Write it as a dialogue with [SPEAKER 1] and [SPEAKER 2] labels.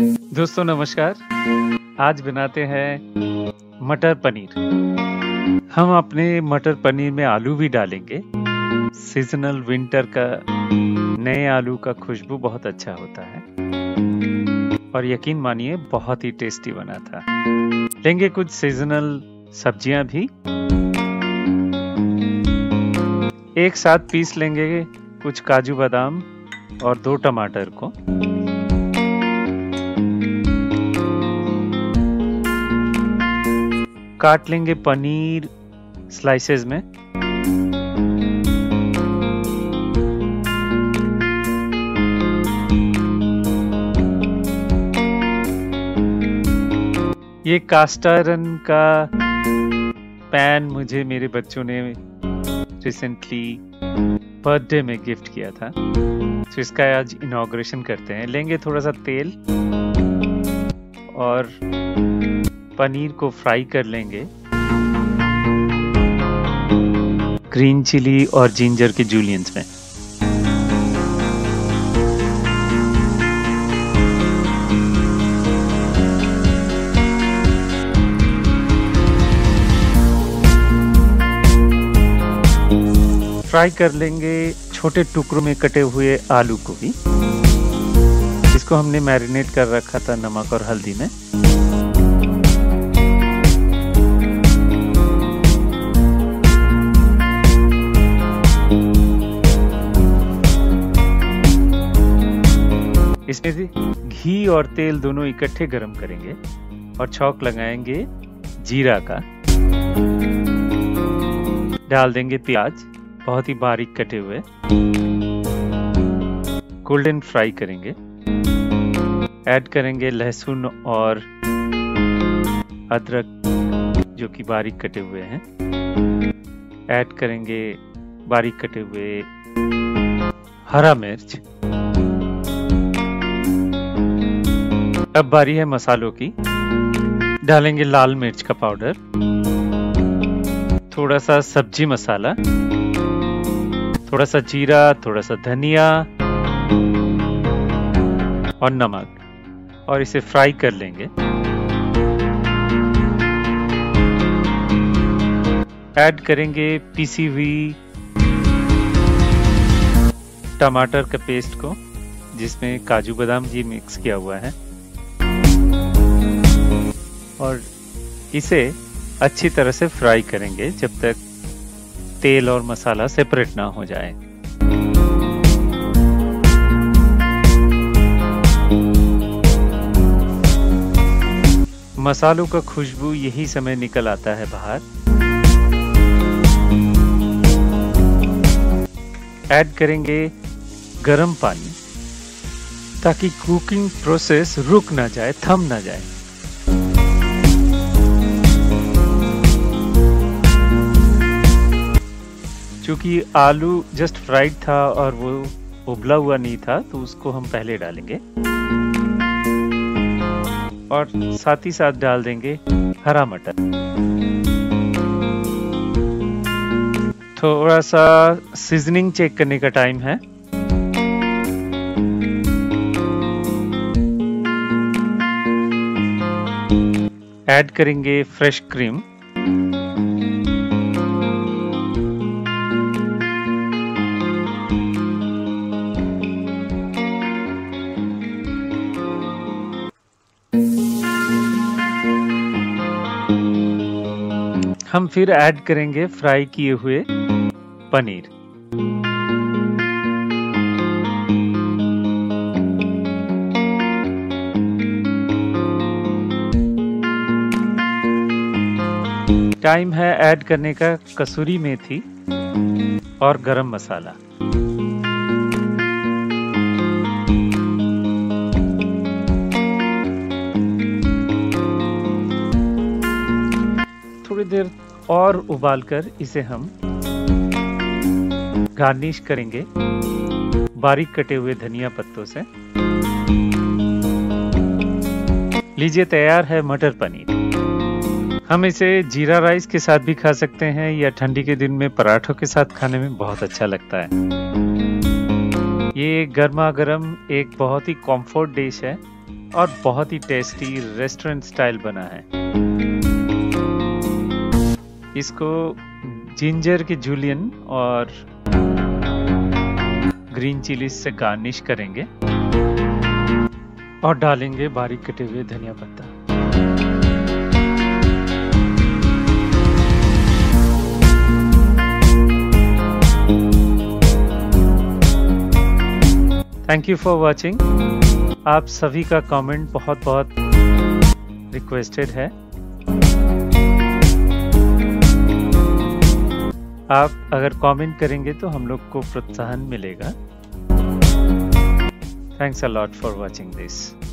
[SPEAKER 1] दोस्तों नमस्कार आज बनाते हैं मटर पनीर हम अपने मटर पनीर में आलू भी डालेंगे सीजनल विंटर का नए आलू का खुशबू बहुत अच्छा होता है और यकीन मानिए बहुत ही टेस्टी बना था लेंगे कुछ सीजनल सब्जियां भी एक साथ पीस लेंगे कुछ काजू बादाम और दो टमाटर को काट लेंगे पनीर स्लाइसेस में ये कास्टारन का पैन मुझे मेरे बच्चों ने रिसेंटली बर्थडे में गिफ्ट किया था तो इसका आज इनाग्रेशन करते हैं लेंगे थोड़ा सा तेल और पनीर को फ्राई कर लेंगे ग्रीन चिली और जिंजर के जूलियंस में फ्राई कर लेंगे छोटे टुकड़ों में कटे हुए आलू को भी इसको हमने मैरिनेट कर रखा था नमक और हल्दी में से घी और तेल दोनों इकट्ठे गरम करेंगे और छौक लगाएंगे जीरा का डाल देंगे प्याज बहुत ही बारीक कटे हुए गोल्डन फ्राई करेंगे ऐड करेंगे लहसुन और अदरक जो कि बारीक कटे हुए हैं ऐड करेंगे बारीक कटे हुए हरा मिर्च अब बारी है मसालों की डालेंगे लाल मिर्च का पाउडर थोड़ा सा सब्जी मसाला थोड़ा सा जीरा थोड़ा सा धनिया और नमक और इसे फ्राई कर लेंगे ऐड करेंगे पीसी हुई टमाटर का पेस्ट को जिसमें काजू बादाम भी मिक्स किया हुआ है और इसे अच्छी तरह से फ्राई करेंगे जब तक तेल और मसाला सेपरेट ना हो जाए मसालों का खुशबू यही समय निकल आता है बाहर ऐड करेंगे गरम पानी ताकि कुकिंग प्रोसेस रुक ना जाए थम ना जाए चूँकि आलू जस्ट फ्राइड था और वो उबला हुआ नहीं था तो उसको हम पहले डालेंगे और साथ ही साथ डाल देंगे हरा मटर थोड़ा सा सीजनिंग चेक करने का टाइम है ऐड करेंगे फ्रेश क्रीम हम फिर ऐड करेंगे फ्राई किए हुए पनीर टाइम है ऐड करने का कसूरी मेथी और गरम मसाला थोड़ी देर और उबालकर इसे हम गार्निश करेंगे बारीक कटे हुए धनिया पत्तों से लीजिए तैयार है मटर पनीर हम इसे जीरा राइस के साथ भी खा सकते हैं या ठंडी के दिन में पराठों के साथ खाने में बहुत अच्छा लगता है ये गर्मा गर्म एक बहुत ही कॉम्फर्ट डिश है और बहुत ही टेस्टी रेस्टोरेंट स्टाइल बना है इसको जिंजर के जूलियन और ग्रीन चिली से गार्निश करेंगे और डालेंगे बारीक कटे हुए धनिया पत्ता थैंक यू फॉर वॉचिंग आप सभी का कमेंट बहुत बहुत रिक्वेस्टेड है आप अगर कमेंट करेंगे तो हम लोग को प्रोत्साहन मिलेगा thanks a lot for watching this